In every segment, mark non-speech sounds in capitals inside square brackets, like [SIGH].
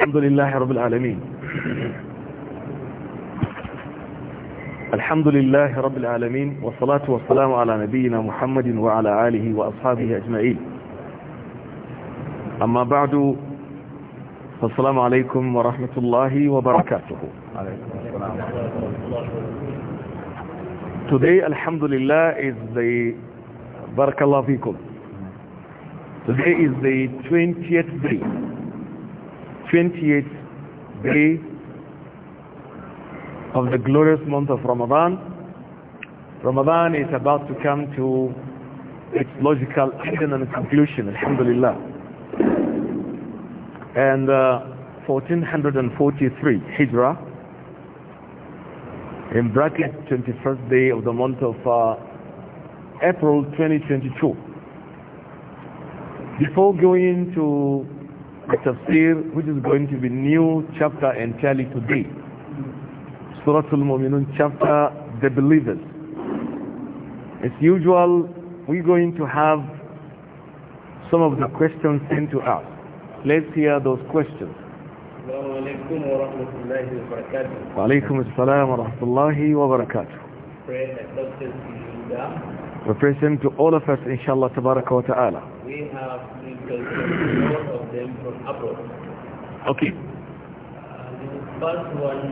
الحمد لله رب العالمين الحمد لله رب العالمين والصلاة والسلام على نبينا محمد وعلى آله وأصحابه أجمعين أما بعد فالسلام عليكم ورحمة الله وبركاته Today الحمد لله is the بارك الله فيكم Today is the 20th day 28th day of the glorious month of Ramadan. Ramadan is about to come to its logical end and conclusion, alhamdulillah. And uh, 1443 Hijrah, in bracket 21st day of the month of uh, April 2022. Before going to the tafsir which is going to be new chapter entirely today Surah Al-Mu'minun chapter The Believers as usual we're going to have some of the questions sent to us let's hear those questions السلام عليكم ورحمة الله وبركاته وعليكم السلام ورحمة to We present to all of us, inshallah, tabaraka wa ta'ala. We have from Okay. Uh, the first one,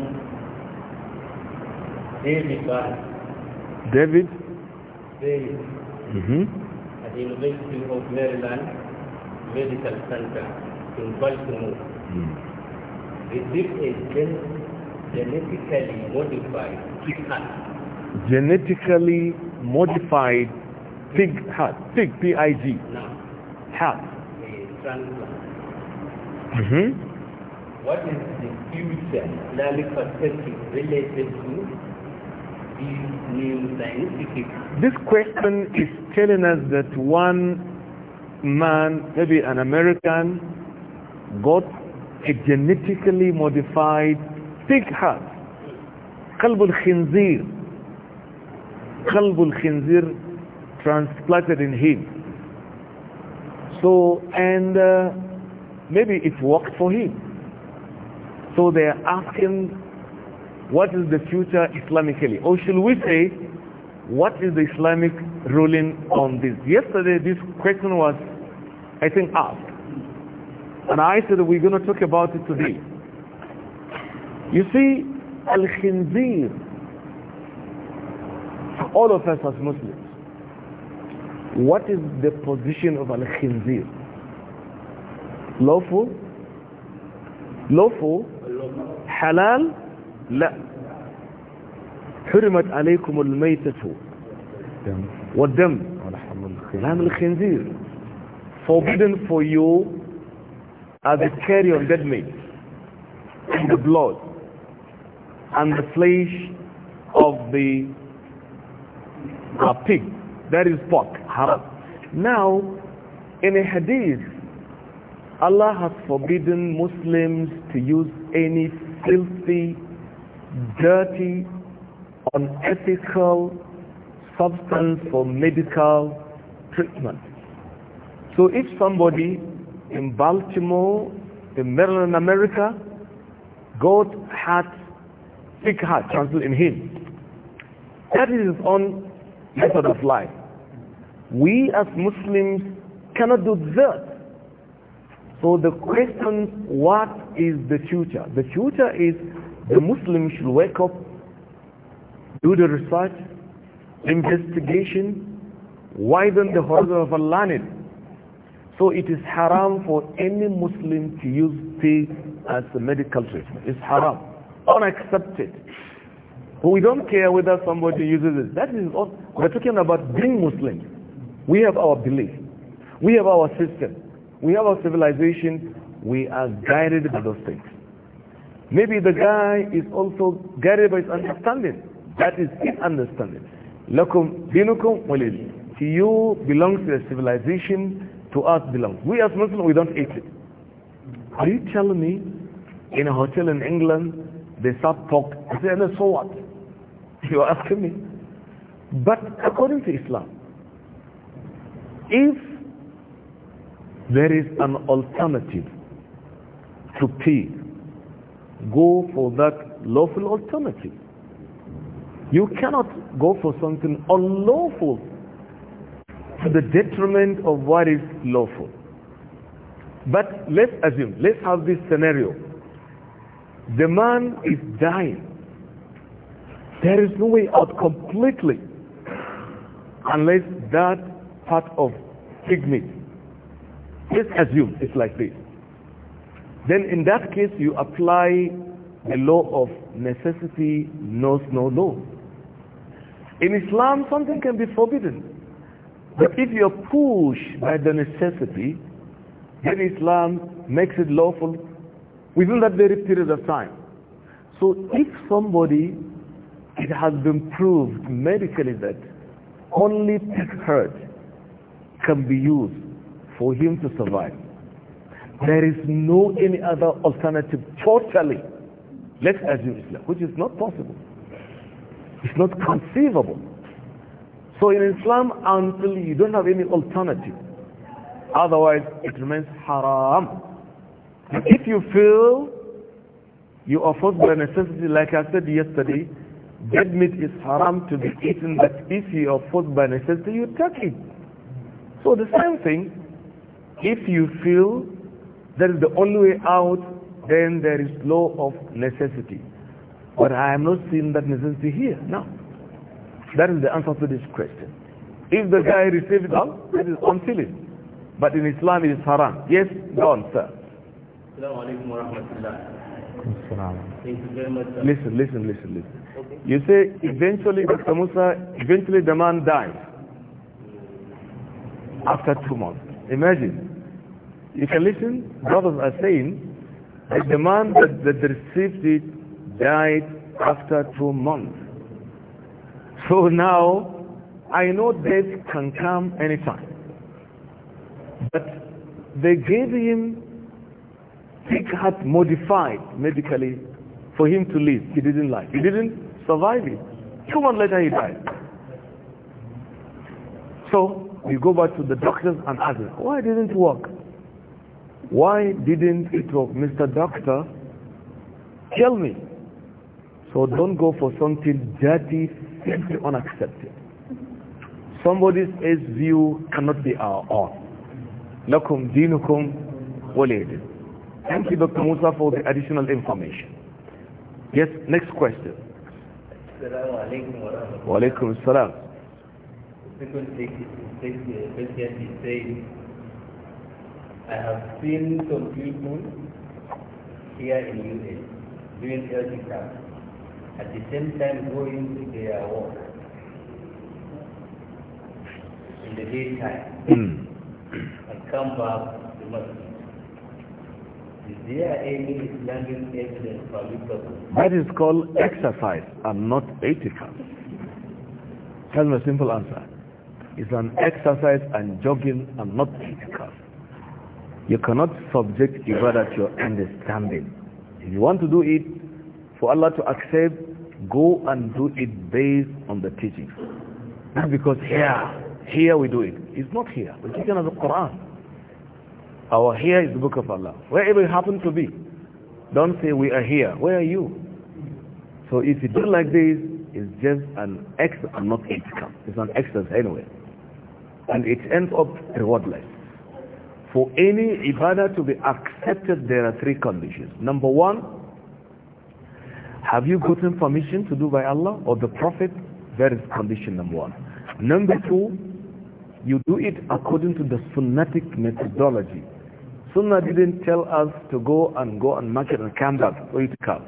David David? David. Mm-hmm. At the University of Maryland Medical Center in Baltimore. Mm. Received a gen- genetically modified pig heart. Genetically modified pig heart. Pig, P-I-G. No. Heart. A transplant. -hmm. What is the future economic perspective related to these new scientific? This question is telling us that one man, maybe an American, got a genetically modified pig heart. قلب الخنزير قلب الخنزير transplanted in him so and uh, maybe it worked for him. So they are asking, what is the future Islamically? Or should we say, what is the Islamic ruling on this? Yesterday this question was, I think, asked. And I said, we're going to talk about it today. You see, Al-Khinzir, all of us as Muslims, what is the position of Al-Khinzir? lawful lawful halal لا حرمت عليكم الميتة والدم لحم الخنزير forbidden for you as a the carrion dead meat the blood and the flesh of the uh, pig that is pork now in a hadith Allah has forbidden Muslims to use any filthy, dirty, unethical substance for medical treatment. So if somebody in Baltimore, in Maryland, America, got heart, sick heart transplant in him, that is his own method of life. We as Muslims cannot do that So the question, what is the future? The future is the Muslim should wake up, do the research, investigation, widen the horizon of in learning. So it is haram for any Muslim to use tea as a medical treatment. It's haram, unaccepted. But we don't care whether somebody uses it. That is all. We're talking about being Muslim. We have our belief. We have our system. We have our civilization. We are guided by those things. Maybe the guy is also guided by his understanding. That is his understanding. Lakum dinukum walil. To you belongs to the civilization, to us belongs. We as Muslims, we don't eat it. Are you telling me in a hotel in England they start pork? I say, and so what? [LAUGHS] You are asking me. But according to Islam, if there is an alternative to pay. Go for that lawful alternative. You cannot go for something unlawful to the detriment of what is lawful. But let's assume, let's have this scenario. The man is dying. There is no way out completely unless that part of pigment Let's assume it's like this. Then in that case, you apply the law of necessity knows no law. In Islam, something can be forbidden. But if you're pushed by the necessity, then Islam makes it lawful within that very period of time. So if somebody, it has been proved medically that only pig herd can be used for him to survive. There is no any other alternative totally. Let's assume Islam, which is not possible. It's not conceivable. So in Islam, until you don't have any alternative, otherwise it remains haram. If you feel you are forced by necessity, like I said yesterday, dead meat is haram to be eaten, but if you are forced by necessity, you take it. So the same thing, if you feel that is the only way out, then there is law of necessity. But I am not seeing that necessity here. Now, That is the answer to this question. If the guy receives it all, that is But in Islam it is haram. Yes, go on, sir. sir. Listen, listen, listen, listen. Okay. You say eventually Dr. Musa, eventually the man dies after two months. Imagine. You can listen, brothers are saying, that the man that, that received it died after two months. So now, I know death can come anytime. But they gave him thick heart modified medically for him to live. He didn't live. He didn't survive it. Two months later he died. So we go back to the doctors and ask them, why didn't it work? Why didn't it work? Mr. Doctor, tell me. So don't go for something dirty, simply unacceptable. Somebody's age view cannot be our own. لكم دينكم وليد. Thank you, Dr. Musa, for the additional information. Yes, next question. Assalamu alaikum wa rahmatullah. I have seen some people here in U.S. doing healthy at the same time going to their work in the daytime and hmm. come back to masjid. Is there any Islamic evidence for That is called exercise and not Tell me a simple answer. It's an exercise and jogging and not etiquette. You cannot subject ibadah to your understanding. If you want to do it, for Allah to accept, go and do it based on the teachings. Not because here, here we do it. It's not here. We're taken as the Quran. Our here is the book of Allah. Wherever you happen to be, don't say we are here. Where are you? So if you do like this, it's just an extra, not income. It's an exercise anyway. And it ends up rewardless. For any ibadah to be accepted, there are three conditions. Number one, have you gotten permission to do by Allah or the Prophet? That is condition number one. Number two, you do it according to the sunnatic methodology. Sunnah didn't tell us to go and go and market and come back for you to come.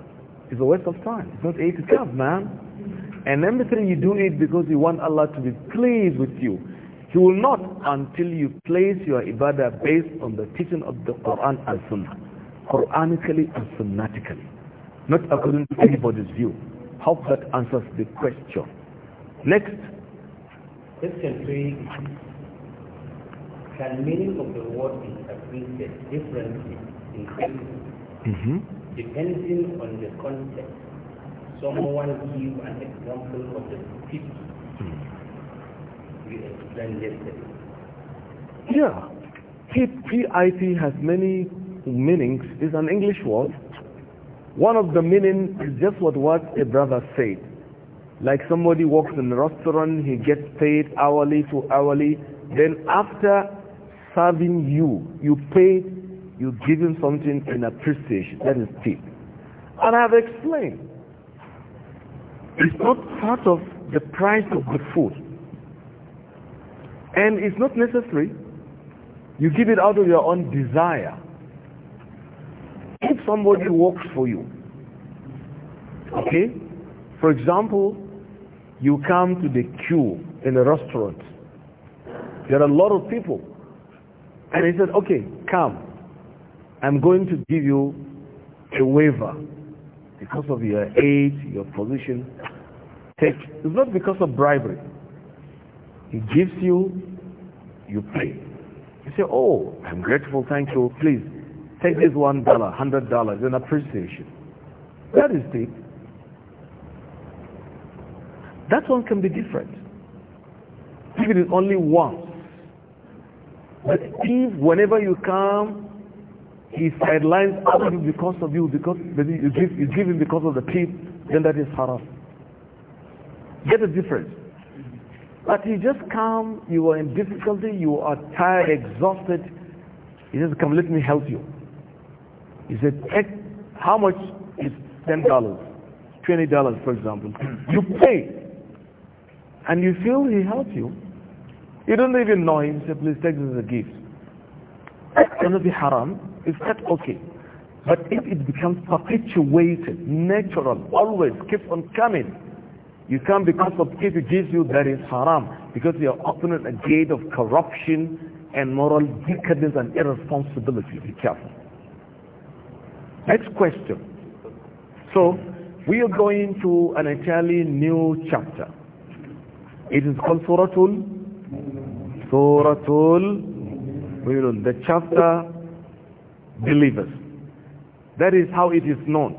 It's a waste of time. It's not eight to come, man. And number three, you do it because you want Allah to be pleased with you. He will not until you place your ibadah based on the teaching of the Quran and Sunnah, Quranically and Sunnatically, not according to anybody's view. Hope that answers the question. Next. Question three. Can meaning of the word be appreciated differently in mm -hmm. depending on the context? Someone give an example of the teaching than yesterday. Yeah. PIT has many meanings. It's an English word. One of the meaning is just what, what a brother said. Like somebody works in a restaurant, he gets paid hourly to hourly. Then after serving you, you pay, you give him something in appreciation. That is tip. And I have explained. It's not part of the price of the food. And it's not necessary. You give it out of your own desire. If somebody works for you, okay? For example, you come to the queue in a restaurant. There are a lot of people. And he said, okay, come. I'm going to give you a waiver because of your age, your position. Take. It's not because of bribery. He gives you, you pay. You say, oh, I'm grateful, thank you. Please, take this one dollar, hundred dollars, an appreciation. That is deep. That one can be different. If it is only once. But if whenever you come, he sidelines because of you, because you give, you give him because of the thief, then that is haram. Get the difference. But you just come, you are in difficulty, you are tired, exhausted. He says, come, let me help you. He said, how much is $10, $20, for example? You pay. And you feel he helped you. You don't even know him. said, please take this as a gift. It cannot be haram. Is that okay? But if it becomes perpetuated, natural, always keep on coming, you come because of if it gives that is haram because you are opening a gate of corruption and moral decadence and irresponsibility. Be careful. Next question. So we are going to an entirely new chapter. It is called Suratul Suratul Mu'minun, the chapter believers. That is how it is known.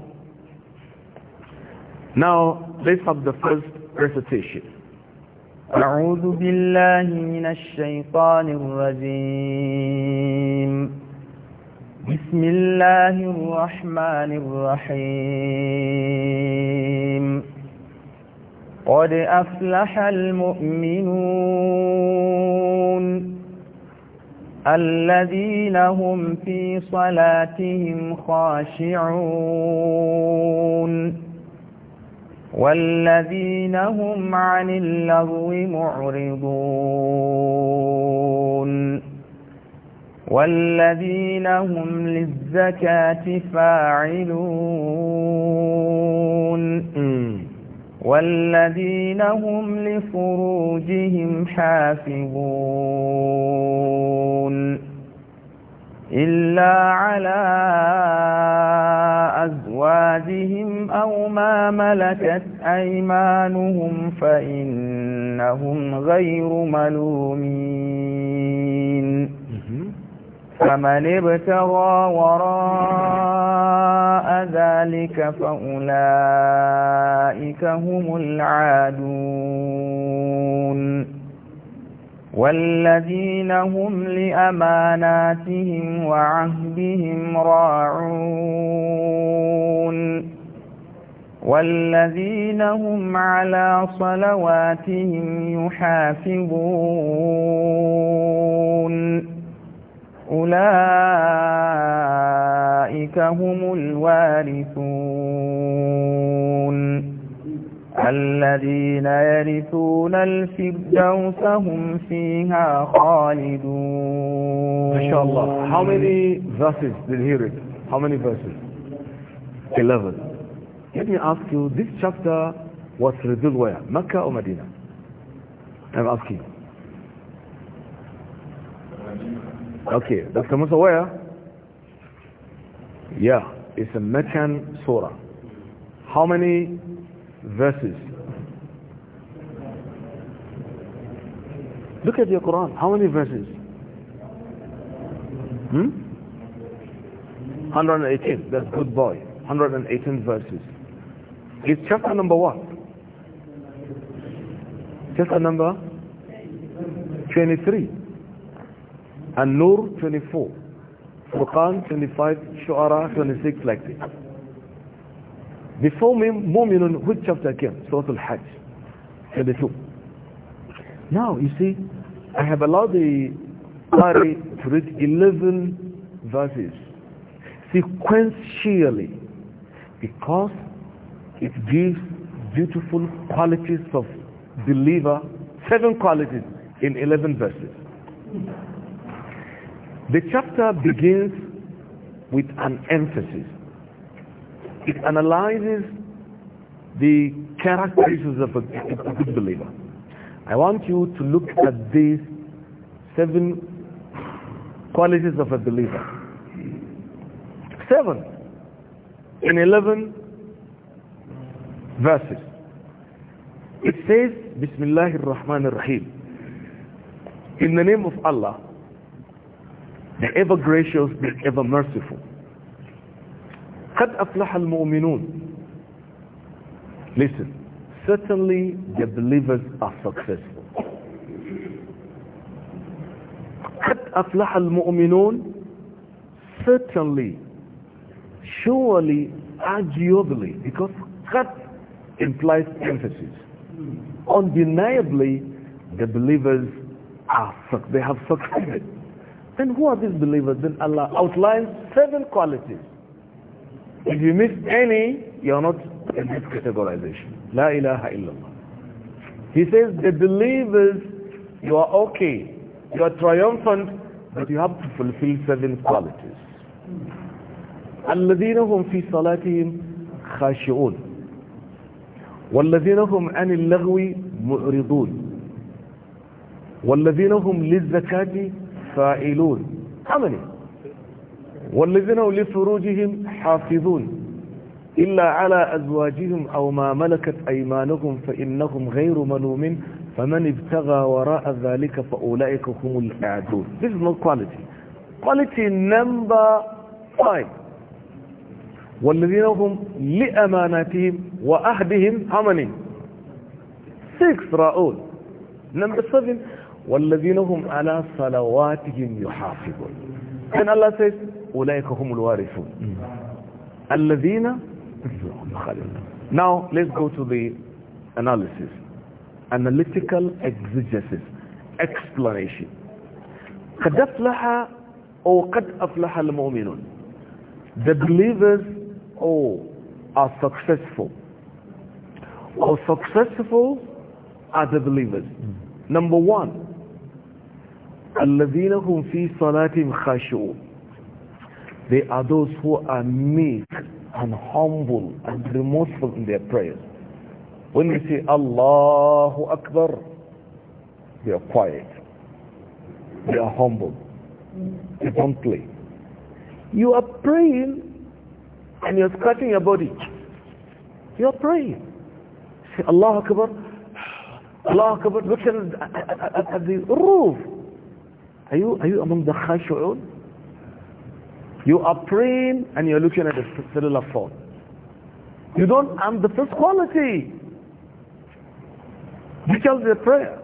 Now Let's have the first recitation. أعوذ بالله من الشيطان الرجيم بسم الله الرحمن الرحيم قد أفلح المؤمنون الذين هم في صلاتهم خاشعون والذين هم عن اللغو معرضون والذين هم للزكاة فاعلون والذين هم لفروجهم حافظون إلا على أزواجهم أو ما ملكت أيمانهم فإنهم غير ملومين فمن ابتغى وراء ذلك فأولئك هم العادون والذين هم لأماناتهم وعهدهم راعون والذين هم على صلواتهم يحافظون أولئك هم الوارثون الذين يرثون الفردوس هم فيها خالدون ما شاء الله how many verses did he read how many verses 11 let me ask you this chapter was revealed where Mecca or Medina I'm asking okay Dr. Musa where yeah it's a Meccan surah how many verses. Look at your Quran. How many verses? Hmm? 118. That's good boy. 118 verses. It's chapter number what? Chapter number 23. And Nur 24. Furqan 25. Shu'ara 26 like this. Before me, on, which chapter came? Surah Al-Hajj, 22. Now, you see, I have allowed the Qari to read 11 verses sequentially because it gives beautiful qualities of believer, seven qualities in 11 verses. The chapter begins with an emphasis it analyzes the characteristics of a, good believer. I want you to look at these seven qualities of a believer. Seven in 11 verses. It says, Bismillah ar-Rahman ar-Rahim. In the name of Allah, the ever gracious, the ever merciful. قد أفلح المؤمنون Listen, certainly the believers are successful. قد أفلح المؤمنون Certainly, surely, arguably, because قد implies emphasis. Undeniably, the believers are they have succeeded. Then who are these believers? Then Allah outlines seven qualities if you miss any, you are not in this categorization. La ilaha illallah. He says, the believers, you are okay, you are triumphant, but you have to fulfill seven qualities. الذين هم في صلاتهم خاشعون والذين هم عن اللغو معرضون والذين هم للزكاة فائلون. how many والذين هم لفروجهم حافظون إلا على أزواجهم أو ما ملكت أيمانهم فإنهم غير ملومين فمن ابتغى وراء ذلك فأولئك هم الأعدون This is not quality Quality number five والذين هم لأماناتهم وأهدهم how many? Six رؤون Number seven والذين هم على صلواتهم يحافظون And Allah says أولئك هم الوارثون الذين Now let's go to the analysis analytical exegesis explanation قد أفلح أو قد أفلح المؤمنون the believers oh, are successful or successful are the believers number one الذين هم في صلاتهم خاشعون They are those who are meek and humble and remorseful in their prayers. When we say Allahu Akbar, they are quiet. They are humble. They don't play. You are praying and you're scratching your body. You are praying. Say Allahu Akbar. Allahu Akbar. Look at, at, at, at the roof. Are you, are you among the khashu'un? You are praying and you're looking at the cellular phone. You don't, am the first quality. is the prayer.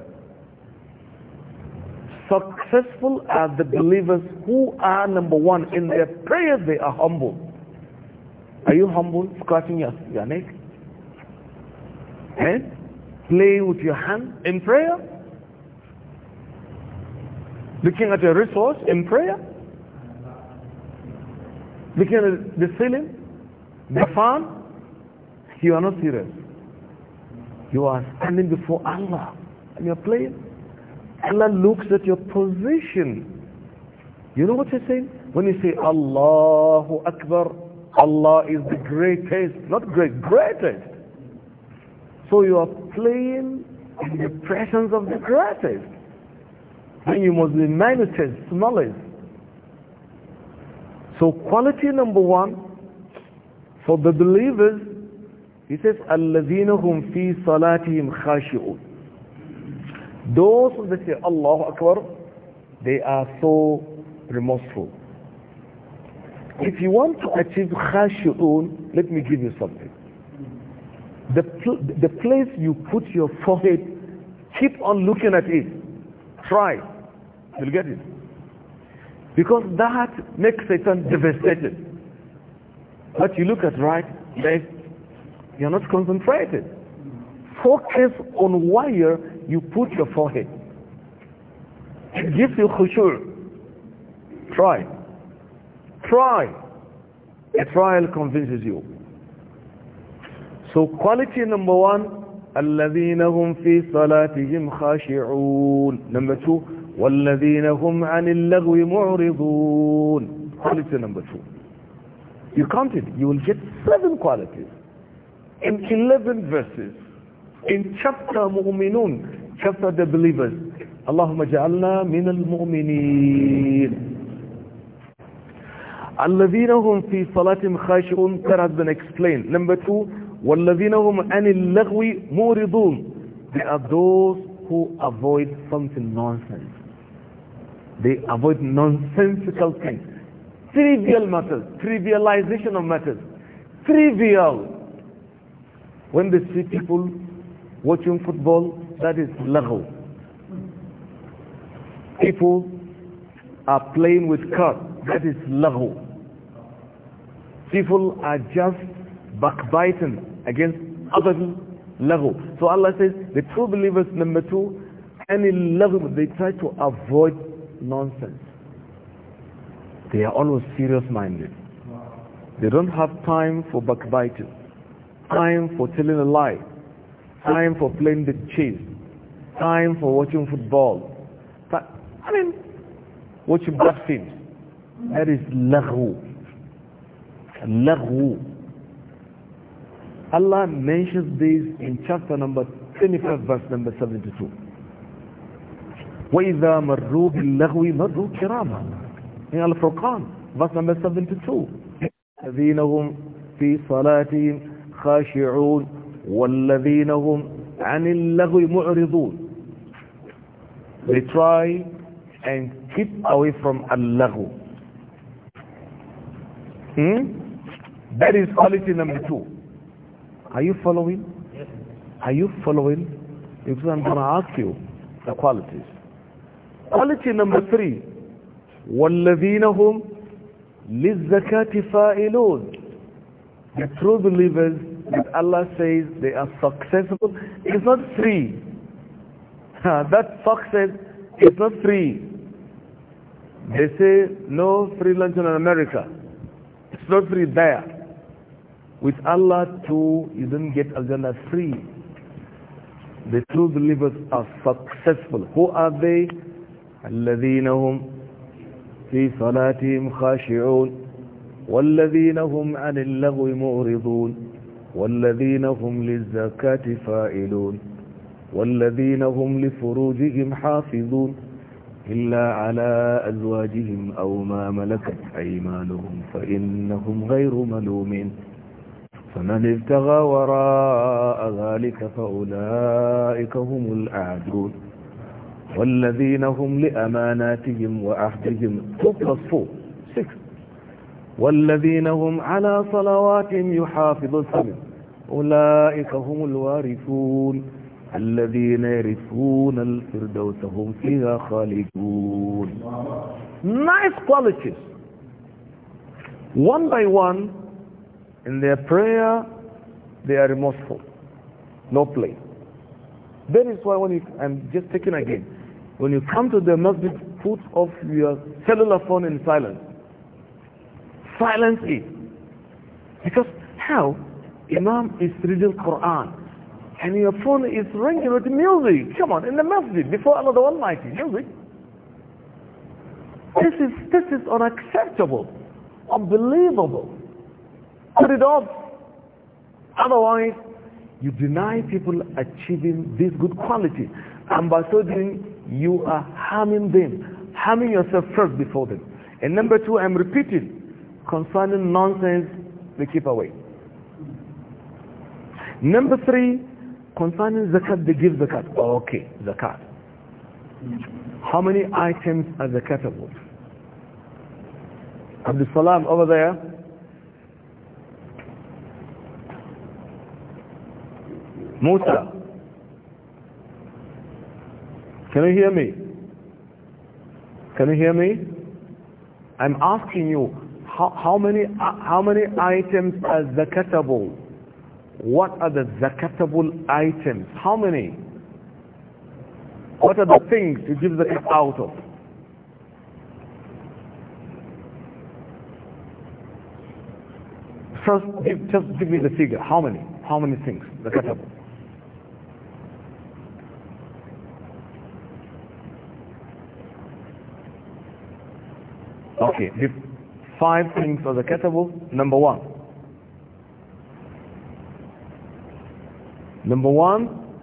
Successful are the believers who are number one. In their prayers, they are humble. Are you humble? Scratching your, your neck? and eh? Play with your hand in prayer? Looking at your resource in prayer? Looking at the ceiling, the fan, you are not serious. You are standing before Allah and you are playing. Allah looks at your position. You know what he's saying? When you say Allahu Akbar, Allah is the greatest, not great, greatest. So you are playing in the presence of the greatest. And you must be minutest, smallest. So quality number one for the believers, he says, الَّذِينَ fi فِي صَلَاتِهِمْ Those that say Allah Akbar, they are so remorseful. If you want to achieve khashi'un, let me give you something. The, pl the place you put your [LAUGHS] forehead, keep on looking at it. Try. You'll get it. Because that makes Satan devastated. But you look at right, left, you're not concentrated. Focus on where you put your forehead. It gives you khushur. Try. Try. A trial convinces you. So quality number one, الَّذِينَ هُمْ فِي صَلَاتِهِمْ خَاشِعُونَ Number two, والذين هم عن اللغو معرضون quality number two you count it you will get seven qualities in 11 verses in chapter mu'minun chapter the believers اللهم جعلنا من المؤمنين الذين هم في صلاة خاشعون that has been explained number two والذين هم عن اللغو معرضون they are those who avoid something nonsense They avoid nonsensical things. Trivial matters, trivialization of matters. Trivial. When they see people watching football, that is legal. People are playing with cards, that is legal. People are just backbiting against other level. So Allah says, the true believers, number two, any level, they try to avoid nonsense. They are always serious-minded. They don't have time for backbiting, time for telling a lie, time for playing the chase, time for watching football. But, I mean, watching bad films. That is laghu. Laghu. Allah mentions this in chapter number 25, verse number 72. وإذا مروا باللغو مروا كراما من الفرقان verse number 72 الذين هم في صلاتهم خاشعون والذين هم عن اللغو معرضون they try and keep away from اللغو hmm? That is quality number two. Are you following? Yes. Are you following? Because I'm going to ask you the qualities. Quality number three, والذينهم هُمْ لِلزَّكَاةِ فَائِلُونَ The true believers that Allah says they are successful It's not free. that says it's not free. They say no free lunch in America. It's not free there. With Allah too, you don't get Al-Jannah free. The true believers are successful. Who are they? الذين هم في صلاتهم خاشعون والذين هم عن اللغو معرضون والذين هم للزكاة فائلون والذين هم لفروجهم حافظون إلا على أزواجهم أو ما ملكت أيمانهم فإنهم غير ملومين فمن ابتغى وراء ذلك فأولئك هم الأعدون والذين هم لأماناتهم وعهدهم 2 plus 4 6 والذين هم على صلواتهم يحافظون أولئك هم الوارثون الذين يرثون الفردوس هم فيها خالدون nice qualities one by one in their prayer they are remorseful no play that is why when you, I'm just taking again When you come to the masjid, put off your cellular phone in silence. Silence it. Because how? Imam is reading Quran. And your phone is ringing with music. Come on, in the masjid, before Allah the Almighty, music. This is, this is unacceptable, unbelievable. Put it off. Otherwise, you deny people achieving this good quality. And by so doing, you are harming them, harming yourself first before them. And number two, I'm repeating, concerning nonsense, we keep away. Number three, concerning zakat, they give zakat. Oh, okay, zakat. How many items are the catapult Abdul Salam over there. Musa. Can you hear me? Can you hear me? I'm asking you, how, how, many, how many items are zakatable? What are the zakatable items? How many? What are the things you give zakat out of? First, give, just give me the figure. How many? How many things zakatable? Okay, the five things are the catable. Number one. Number one,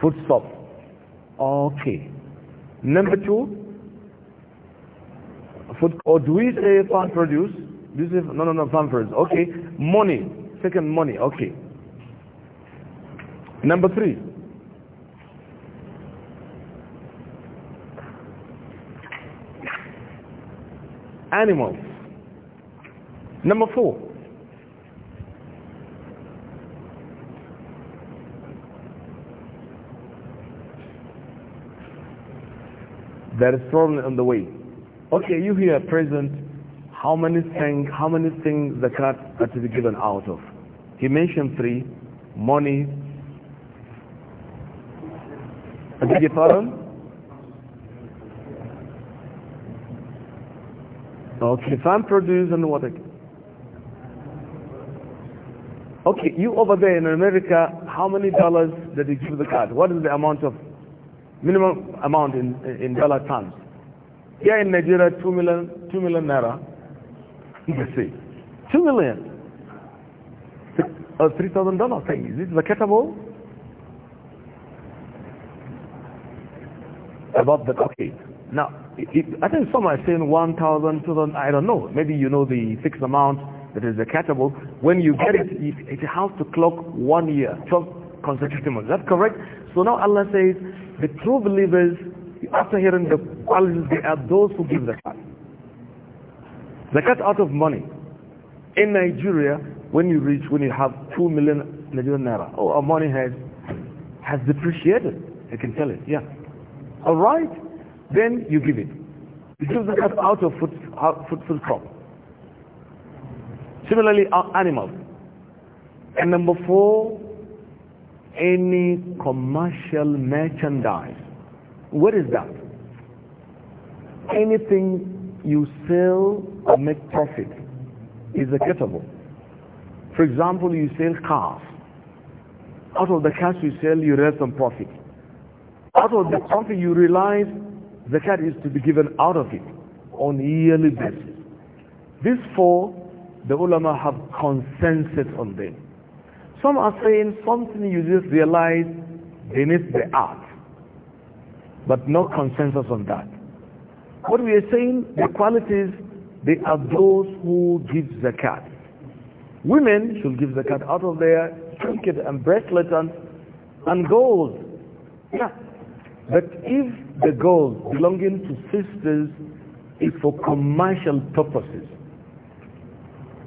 food stop. Okay. Number two, food, or do we say farm produce? This is, no, no, no, farm produce. Okay. Money. Second, money. Okay. Number three. animals. Number four, there is problem on the way. Okay, you here present, how many things, how many things the cut are to be given out of? He mentioned three, money. Did you pardon? Okay, farm produce and what Okay, you over there in America, how many dollars did you give the card? What is the amount of, minimum amount in, in dollar terms? Here in Nigeria, 2 million, naira. You see, 2 million. Uh, $3,000 thing. Is it marketable? About that, okay. Now, it, I think some are saying 1,000, 2,000, I don't know. Maybe you know the fixed amount that is the catable. When you get it, it, it has to clock one year, 12 consecutive months. that correct? So now Allah says, the true believers, after hearing the qualities, they are those who give the cut. The cut out of money. In Nigeria, when you reach, when you have 2 million Nigerian naira, our money has, has depreciated. I can tell it, yeah. All right? then you give it. You give zakat out of food, food, for crop. Similarly, animals. And number four, any commercial merchandise. What is that? Anything you sell or make profit is acceptable. For example, you sell cars. Out of the cars you sell, you raise some profit. Out of the profit you realize Zakat is to be given out of it on yearly basis. These four, the ulama have consensus on them. Some are saying something you just realize they need the art, but no consensus on that. What we are saying, the qualities, they are those who give zakat. Women should give zakat out of their trinket and bracelets and, and gold. Yeah, but if the gold belonging to sisters is for commercial purposes,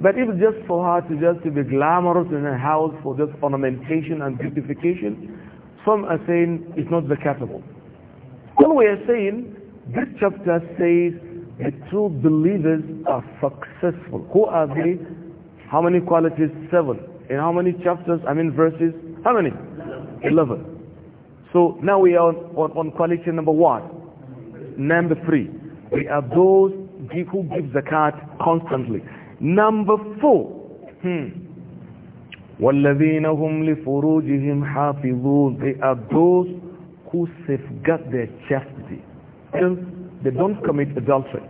but if just for her to just to be glamorous in her house for just ornamentation and beautification, some are saying it's not zakatable. What we are saying, this chapter says the true believers are successful. Who are they? How many qualities? Seven. In how many chapters? I mean verses? How many? Eleven. So now we are on, on, on quality number one. Number three, we are those who give zakat constantly. Number four, hmm, وَالَّذِينَ هُمْ لِفُرُوجِهِمْ حَافِظُونَ They are those who safeguard their chastity. they don't commit adultery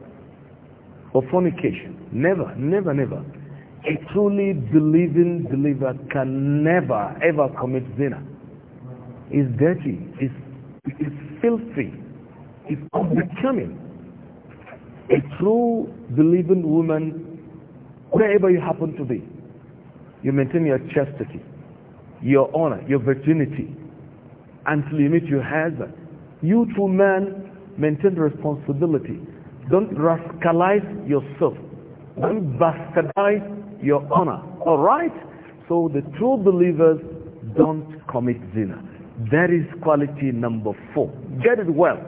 or fornication. Never, never, never. A truly believing believer can never, ever commit zina is dirty, is, is filthy, is unbecoming. A true believing woman, wherever you happen to be, you maintain your chastity, your honor, your virginity until you meet your husband. You true men maintain responsibility. Don't rascalize yourself. Don't bastardize your honor. Alright? So the true believers don't commit zina. That is quality number four. Get it well.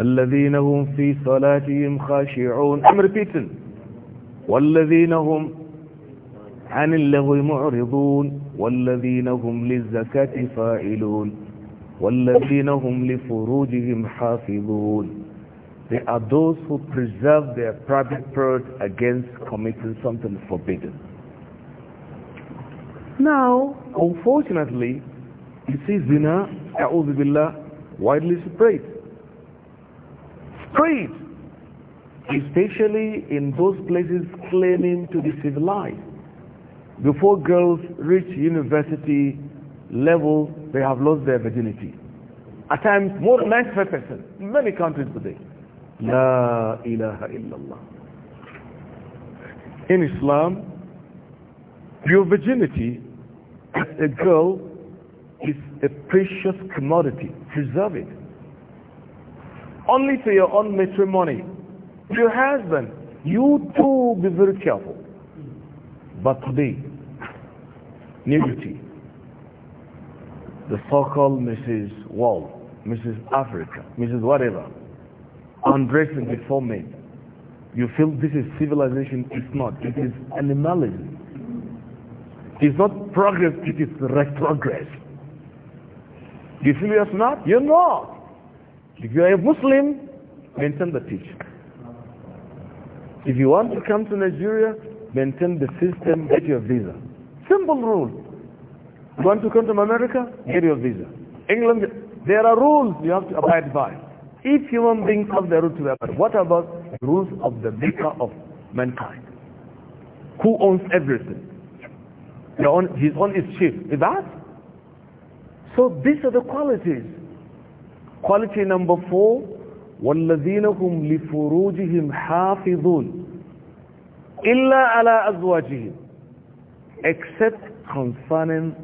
الذين هم في صلاتهم خاشعون I'm repeating والذين هم عن معرضون والذين هم للزكاة والذين هم لفروجهم حافظون They are those who preserve their private prayers against committing something forbidden. Now, Unfortunately, you see zina, a'udhu billah, widely spread. Spread! Especially in those places claiming to be civilized. Before girls reach university level, they have lost their virginity. At times, more than 95%, many countries today. La ilaha illallah. In Islam, your virginity a girl is a precious commodity. Preserve it. Only for your own matrimony. To your husband, you too be very careful. But today, nudity, the so-called Mrs. Wall, Mrs. Africa, Mrs. whatever, undressing before men. You feel this is civilization? It's not. It is animalism. It's not progress, it is retrogress. Do you feel you're not? You're not. If you're a Muslim, maintain the teaching. If you want to come to Nigeria, maintain the system, get your visa. Simple rule. You want to come to America? Get your visa. England, there are rules you have to abide by. If human beings have the rules to abide, what about rules of the maker of mankind? Who owns everything? He's on his is chief. Is that? So these are the qualities. Quality number four, وَالَّذِينَ هُمْ لِفُرُوجِهِمْ حَافِظُونَ إِلَّا عَلَىٰ أَزْوَاجِهِمْ Except concerning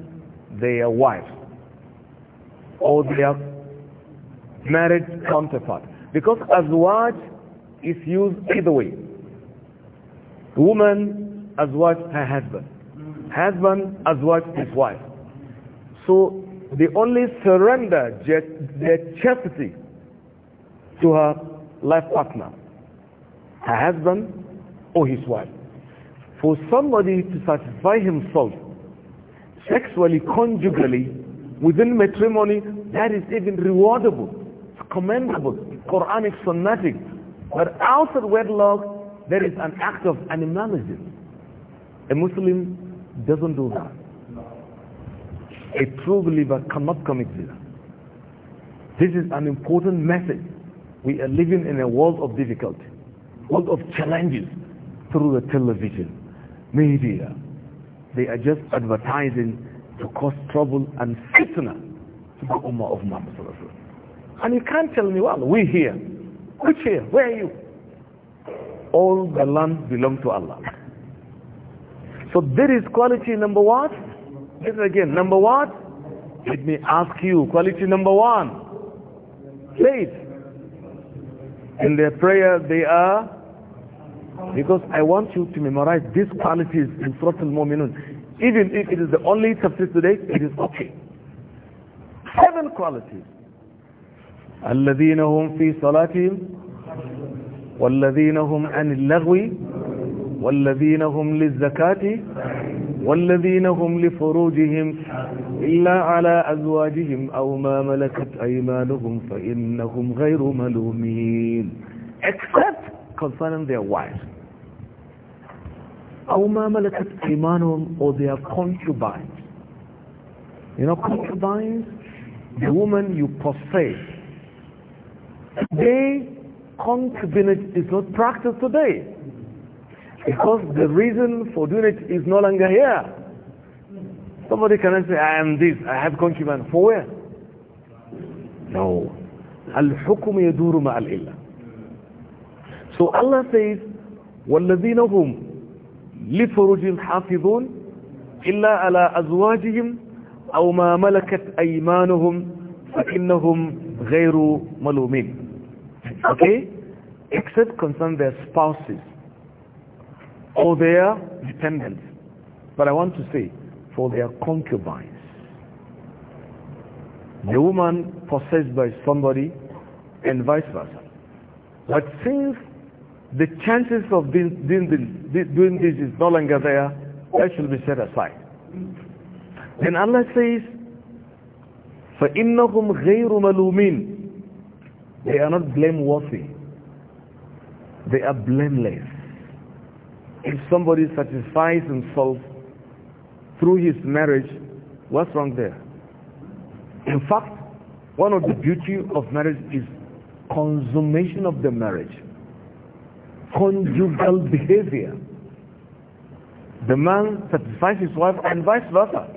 their wives or their married counterpart. Because azwaj is used either way. Woman, azwaj, her husband husband as well as wife. So they only surrender their chastity to her life partner, her husband or his wife. For somebody to satisfy himself sexually, conjugally, within matrimony, that is even rewardable, it's commendable, Quranic, sonatic. But outside wedlock, there is an act of animalism. A Muslim doesn't do that. A true believer cannot commit zina. This is an important message. We are living in a world of difficulty, world of challenges through the television, media. They are just advertising to cause trouble and fitna to the Ummah of Muhammad. And you can't tell me, well, we here. Which here? Where are you? All the land belongs to Allah. So there is quality number what? Listen again, number what? Let me ask you, quality number one. Faith. In their prayer they are because I want you to memorize these qualities in certain moments. Even if it is the only subject today, it is okay. Seven qualities. الذين هم في صلاتهم والذين هم عن اللغو والذين هم للزكاة والذين هم لفروجهم إلا على أزواجهم أو ما ملكت أيمانهم فإنهم غير ملومين except concerning their wives أو ما ملكت أيمانهم or their concubines you know concubines the woman you possess today concubinage is not practiced today Because the reason for doing it is no longer here. Somebody can say, I am this, I have concubine. For where? No. الحكم يدور مع الإله So Allah says, والذين هم لفرج حافظون إلا على أزواجهم أو ما ملكت أيمانهم فإنهم غير ملومين. Okay? Except concern their spouses. or their dependents, but I want to say for their concubines. The woman possessed by somebody and vice versa. But since the chances of doing, doing this is no longer there, that should be set aside. Then Allah says, فَإِنَّهُمْ غَيْرُ مَلُومِينَ They are not blameworthy. They are blameless if somebody satisfies himself through his marriage, what's wrong there? In fact, one of the beauty of marriage is consummation of the marriage, conjugal behavior. The man satisfies his wife and vice versa.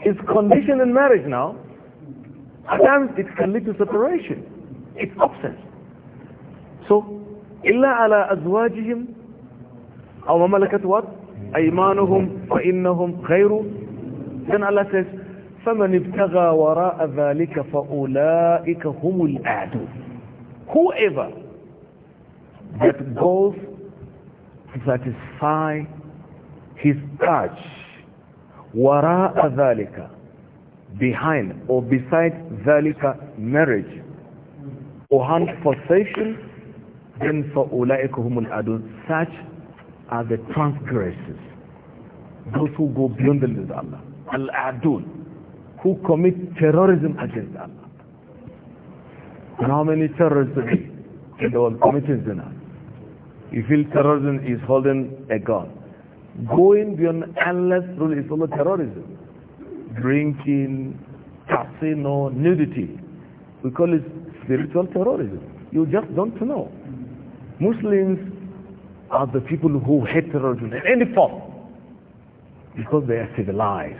It's conditioned in marriage now. At times it can lead to separation. It's upset. So, إِلَّا عَلَىٰ أَزْوَاجِهِمْ أو ما ملكت what? أيمانهم فإنهم غير then Allah says فمن ابتغى وراء ذلك فأولئك هم الأعدو whoever that goes to satisfy his urge وراء ذلك behind or beside ذلك marriage or hunt for station then فأولئك هم الأعدو such are the transgressors, those who go beyond the limits of Allah, al-adun, who commit terrorism against Allah. And how many terrorists in the world committing zina? You feel terrorism is holding a gun. Going beyond Allah's rule is also terrorism. Drinking, casino, nudity. We call it spiritual terrorism. You just don't know. Muslims are the people who hate religion in any form because they are civilized.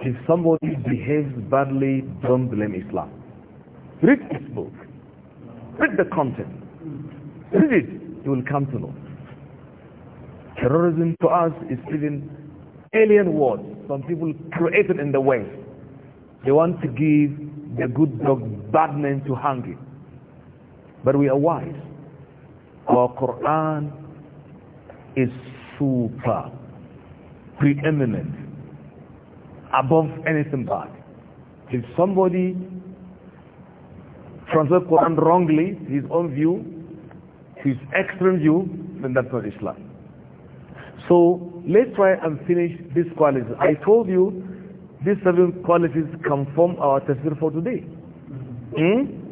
If somebody behaves badly, don't blame Islam. Read this book. Read the content. Read it. You will come to know. Terrorism to us is even alien words. Some people created in the West. They want to give the good dog bad name to hang it. But we are wise. Our Quran is super, preeminent, above anything but If somebody translates Quran wrongly, his own view, his extreme view, then that's not Islam. So let's try and finish these qualities. I told you these seven qualities come from our tafsir for today. Mm?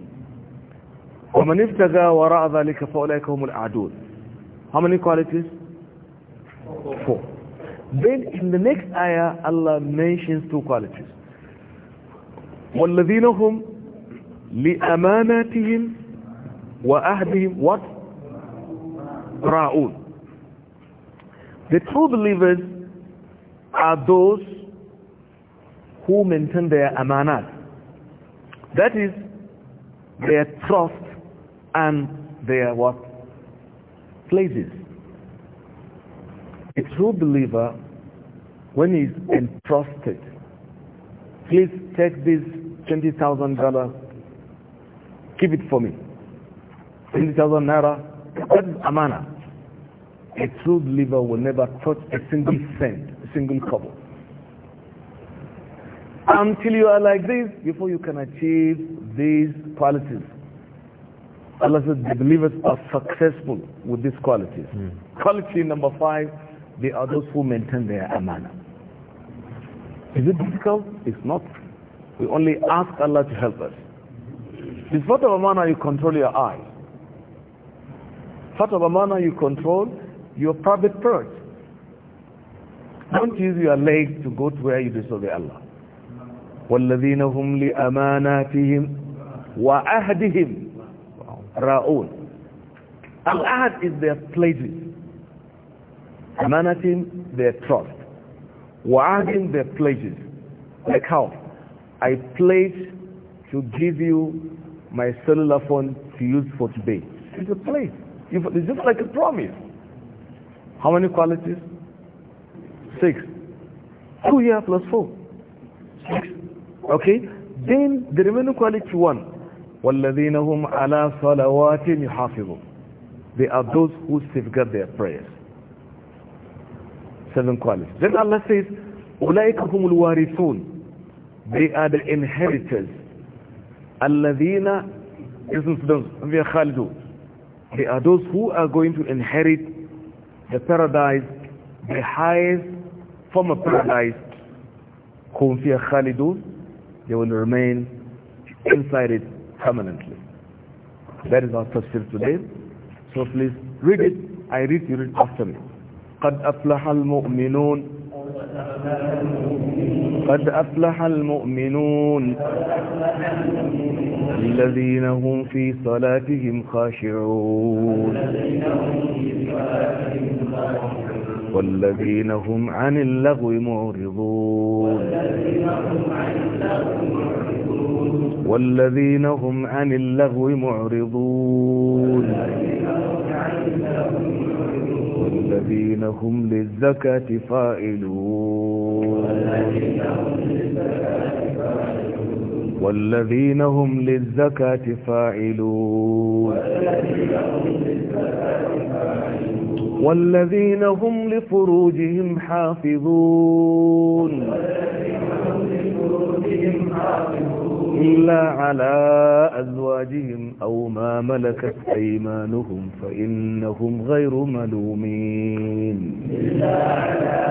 ومن ابتغى وراء ذلك فأولئك هم الأعدون How many qualities? Four. Then in the next ayah, Allah mentions two qualities. وَالَّذِينَ هُمْ لِأَمَانَاتِهِمْ وَأَهْدِهِمْ What? Ra'un. The true believers are those who maintain their amanat. That is, their trust and their what? Places. A true believer, when he's entrusted, please take this $20,000, keep it for me. 20,000 naira, that is amana. A true believer will never touch a single cent, a single kobo. Until you are like this, before you can achieve these qualities, Allah says the believers are successful with these qualities. Mm. Quality number five, they are those who maintain their amana. Is it difficult? It's not. We only ask Allah to help us. With Fat of Amana, you control your eye. Fat of Amana, you control your private purse. Don't use your leg to go to where you disobey Allah. وَالَّذِينَ هُمْ لِأَمَانَاتِهِمْ وَأَهْدِهِمْ Ra'un. Al-Ahad is their pledges. Amanatin, their trust. Wa'adin, their pledges. Like how? I pledge to give you my cellular phone to use for today. It's a pledge. It's just like a promise. How many qualities? Six. Two here plus four. Six. Okay? Then the remaining quality one. وَالَّذِينَ هُمْ عَلَى صَلَوَاتٍ يُحَافِظُونَ They are those who safeguard their prayers. Seven qualities. Then Allah says, أُولَٰئِكَ هُمُ الْوَارِثُونَ They are the inheritors. الَّذِينَ to them they are khalidun. They are those who are going to inherit the paradise, the highest form of paradise. Whom في خالدون they will remain inside it permanently. That is our tafsir today. So please read it. I read, you read after me. قد أفلح المؤمنون قد أفلح المؤمنون الذين هم في صلاتهم خاشعون والذين هم عن اللغو معرضون والذين هم عن اللغو معرضون والذين هم للزكاة فائلون والذين هم للزكاة فاعلون والذين هم لفروجهم حافظون والذين هم لفروجهم حافظون إلا على أزواجهم أو ما ملكت أيمانهم فإنهم غير ملومين إلا على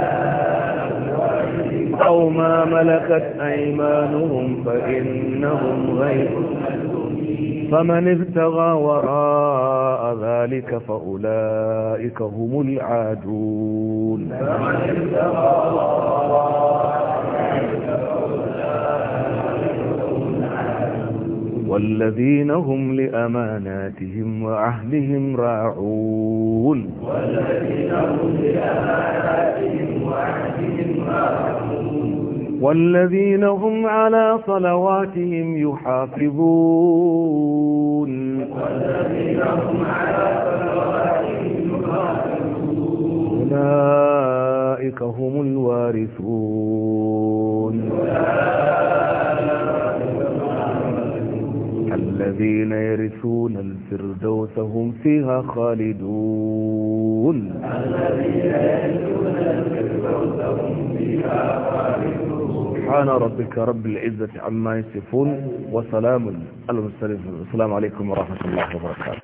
أزواجهم أو ما ملكت أيمانهم فإنهم غير ملومين فمن ابتغى وراء ذلك فأولئك هم العادون فمن ابتغى وراء ذلك والذين هم لأماناتهم وعهدهم راعون والذين هم على صلواتهم يحافظون هم أولئك هم الوارثون الذين يرثون الفردوس هم فيها خالدون سبحان ربك رب العزة عما يصفون وسلام المرسلين السلام عليكم ورحمة الله وبركاته